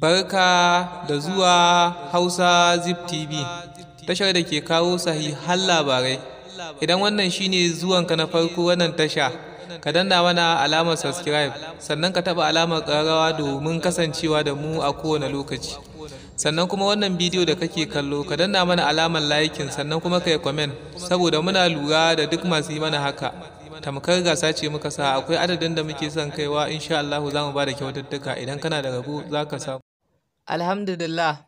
Barka da zuwa Hausa Zip TV, tashar da ke kawo sahihan labarai. Idan wannan shine zuwanka na farko wannan tasha, ka danna mana alamar subscribe, sannan ka taɓa alamar ƙararrawa domin kasancewa da mu a kowane lokaci. Sannan kuma wannan bidiyo da kake kallo, ka danna mana alamar laikin sannan kuma ka yi comment, saboda muna lura da duk masu yi mana haka. tamkar gasa ce muka sa akwai adadin da muke son kaiwa insha Allah za mu ba da kyaututtuka idan kana da rabo za ka samu Alhamdulillah,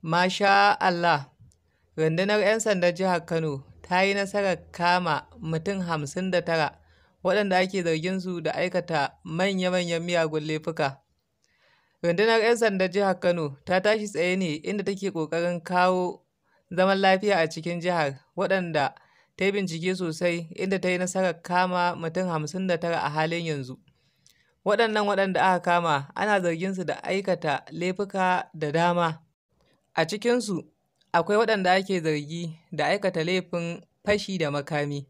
masha Allah, rundunar 'yan sandar jihar Kano ta yi nasarar kama mutum hamsin da tara waɗanda ake zargin su da aikata manya-manyan miyagun laifuka. Rundunar 'yan sandar jihar Kano ta tashi tsaye ne inda take ƙoƙarin kawo zaman lafiya a cikin jihar waɗanda ta yi bincike sosai inda ta yi nasarar kama mutum hamsin da tara a halin yanzu. Waɗannan waɗanda aka kama ana zargin su da aikata laifuka da dama. A cikinsu akwai waɗanda ake zargi da aikata laifin fashi da makami.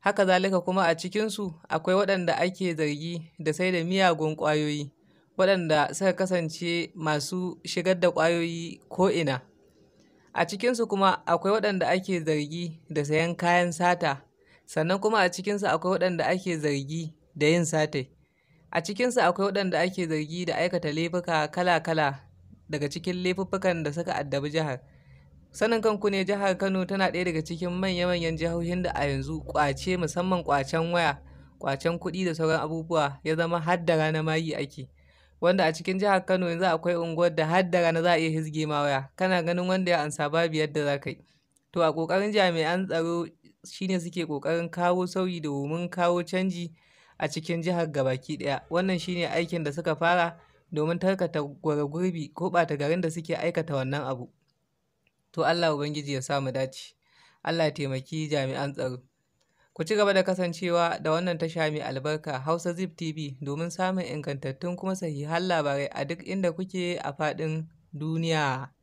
Haka zalika kuma a cikinsu akwai waɗanda ake zargi da sai da miyagun ƙwayoyi, waɗanda suka kasance masu shigar da ƙwayoyi ko'ina. A cikinsu kuma akwai waɗanda ake zargi da sayan kayan sata, sannan kuma a cikinsu akwai waɗanda ake zargi da yin satai a cikinsu akwai waɗanda ake zargi da aikata laifuka kala-kala daga cikin laifuffukan da suka addabi jihar sanin kanku ne jihar kano tana ɗaya daga cikin manya-manyan jihohin da a yanzu kwace musamman kwacen waya kwacen kuɗi da sauran abubuwa ya zama har da rana mayi ake wanda a cikin jihar kano yanzu akwai unguwar da har da rana za a iya hizge ma waya kana ganin wanda ya ansa babu yadda za ka yi to a ƙoƙarin jami'an tsaro shine suke ƙoƙarin kawo sauyi domin kawo canji a cikin jihar gabaki ɗaya wannan shine aikin da suka fara domin tarkata gwara gurbi ko bata garin da suke aikata wannan abu to allah ubangiji ya samu dace allah taimaki jami'an tsaro ku ci gaba da kasancewa da wannan tasha mai albarka hausa zip tv domin samun ingantattun kuma sahihan labarai a duk inda kuke a faɗin duniya